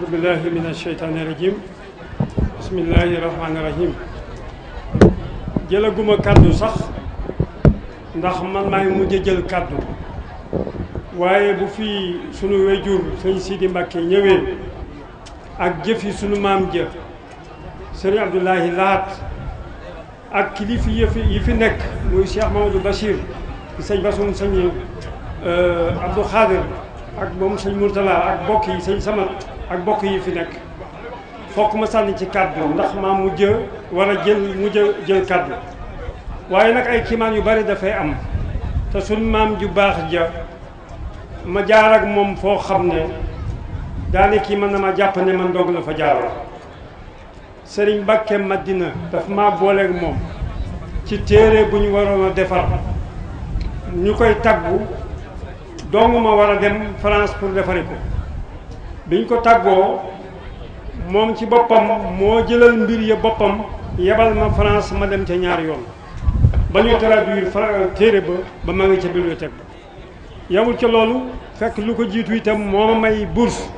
أعوذ بالله من الشيطان الرجيم بسم الله الرحمن الرحيم jëlaguma kàddu sax ndax man maay mujj jël kàddu waaye bu fi sunu wejur sëñ Sidi Mbàkke ñëwee ak jëfi sunu maam ja sëñ Abdoulahi Lahat ak kilifa yi fi nekk muy Cheikh Mamadou Bachir di sëñ Basum sëñ Abdou Khadir ak moom sëñ Mourtala ak bokk yi sëñ Samat ak bokk yi fi nekk fokk ma sànni ci kàddu ndax maa mujj war a jël mujj jël kàddu waaye nag ay kiimaan yu bari dafay am te suñ maam ju baax ja ma jaar moom foo xam ne daane kii mën na ma jàpp ne man dong la fa jaaroon sëriñ Mbàkke Madina daf maa booleeg moom ci téere bu ñu waroon defar ñu koy tàggu dong ma war a dem France pour defari ko biñ ko tàggoo moom ci boppam moo jëlal mbir ya boppam yebal ma France ma dem ca ñaar yoon ba ñuy traduire téere ba ba ma ca bibliothèque ba ca loolu fekk lu ko jiitu itam moo ma may bourse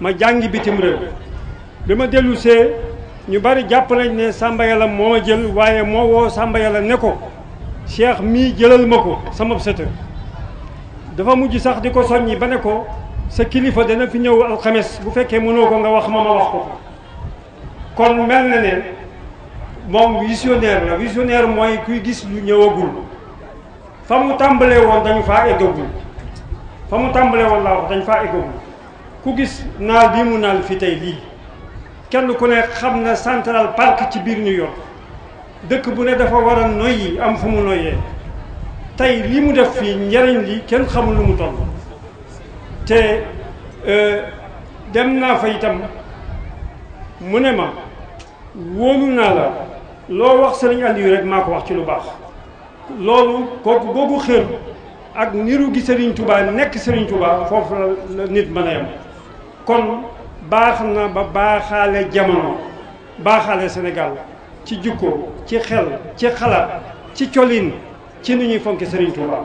ma jàngi bitim réew bi ma dellusee ñu bari jàpp nañ ne Samba Yàlla moo jël waaye moo woo Samba la ne ko Cheikh mii jëlal ma ko sama sëtë dafa mujj sax di ko soññi ba ne ko sa kilifa dana fi ñëw alxames bu fekkee mënoo ko nga wax ma ma wax ko kon mel na ne moom visionnaire la visionnaire mooy kuy gis lu ñëwagul fa mu tàmbalee woon dañu faa eggagul fa mu tàmbalee woon laa wax dañu faa eggagul ku gis naal bii mu naal fi tey lii kenn ku ne xam na Central Park ci biir New York dëkk bu ne dafa war a noyyi am fu mu noyyee tey li mu def fii njariñ li kenn xamul lu mu toll te e, dem naa fa itam mu ne ma wóolu naa la loo wax sëriñ Aliou rek maa ko wax ci lu baax loolu kooku boobu xër ak niru gi sëriñ Touba nekk sëriñ Touba foofu la nit mën a yem kon baax na ba baaxaale jamono baaxaale Sénégal ci jukko ci xel ci xalaat ci colin ci ni ñuy fonke sëriñ Touba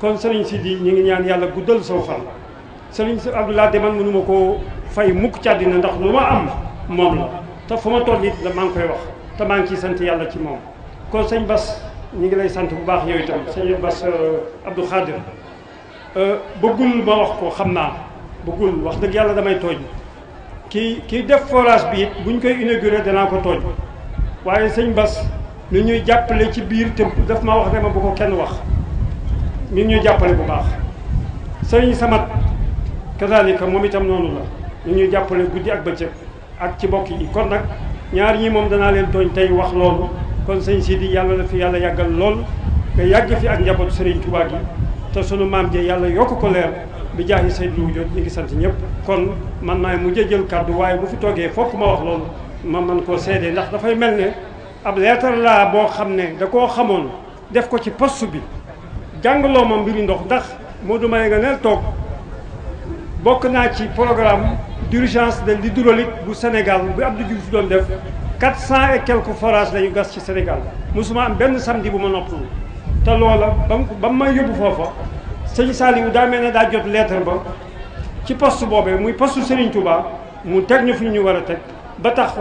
kon sëriñ Sidi ñu ngi ñaan yàlla guddal soo fan sëriñ si de man mënuma koo fay mukk ci àddina ndax lu ma am moom la te fu ma toll yi maa ngi koy wax te maa ngi ciy sant yàlla ci moom kon sëñ Bas ñu ngi lay sant bu baax yow itam sëñ Bas euh, Abdou Khadir euh, bëggul ma wax ko xam naa bëggul wax dëgg yàlla damay tooñ kii kii def forage bi it buñ koy inauguré danaa ko tooñ waaye sëñ Bas mi ñuy jàppale ci biir te daf ma wax ne ma bu ko kenn wax mi ñuy jàppale bu baax sëñ Samat kadaalika moom itam noonu la ñu ñuy jàppale guddi ak bëccëg ak ci bokk yi kon nag ñaar ñi moom danaa leen tooñ tey wax loolu kon sëñ Sidi yàlla la fi yàlla yàggal lool nga yàgg fi ak njabootu Serigne Touba yi te sunu maam je yàlla yokk ko leer bi jaaxi saytu wu jot ñu ngi sant ñëpp kon man maay mu jël kàddu waaye bu fi toogee fokk ma wax loolu ma man koo seede ndax dafay mel ne ab leetar laa boo xam ne da koo xamoon def ko ci poste bi jàngaloo ma mbiri ndox ndax Modou May nga neel toog. bokk naa ci programme d'urgence de l'hydraulique bu Sénégal bu Abdou Diouf doon def quatre cent et quelques forages lañu gas ci Sénégal mosuma am benn samedi bu ma noppalu te loola ba mu ba mu may yóbbu foofa sëñ Saliou daa mel ne daa jot lettre ba ci post boobee muy postu Serigne Touba mu teg ñu fi ñu war a teg ba tax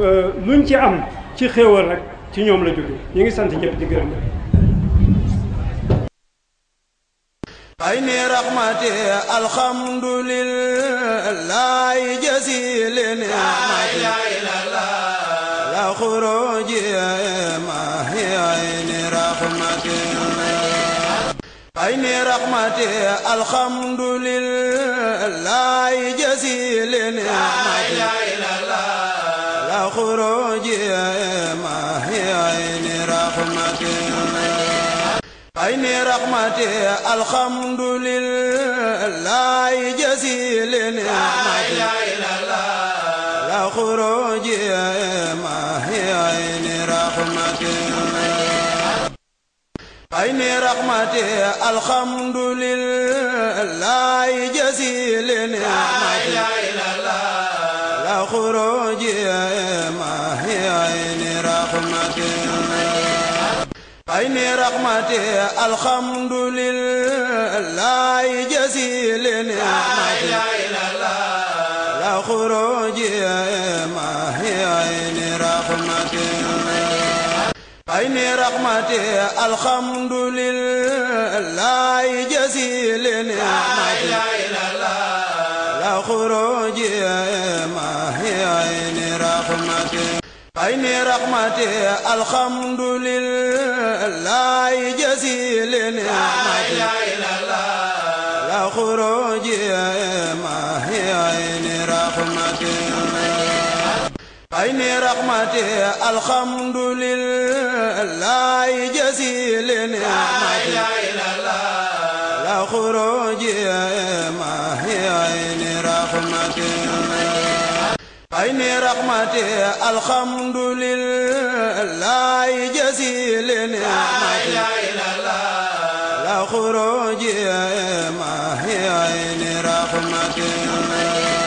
euh, luñ ci am ci xéewal rek ci ñoom la jóge ñu ngi sant ñëpp di gërëm عيني رحمتي الحمد لله جزيل نعمتي لا إله إلا الله لا خروجي ما هي عيني رحمتي عيني رحمتي الحمد لله جزيل نعمتي لا إله إلا الله لا خروجي ما هي عيني رحمتي أين رحمتي الحمد لله جزيل نعمتي لا إله إلا خروج ما هي أين رحمتي أين رحمتي الحمد لله جزيل عين رحمته الحمد لله جزيل نعمته لا إله إلا الله لا خروج ما هي عين رحمته عين رحمته الحمد لله جزيل نعمته لا إله إلا الله لا خروج ما هي عين رحمته عين رحمته الحمد لله الله جزيل نعمة لا خروج ما هي عين رحمتي عين رحمتي الحمد لله جزيل نعمة لا خروج ما هي عين رحمتي عين رحمتي الحمد لله الذي لنعمته لا خروج ما هي عين رحمته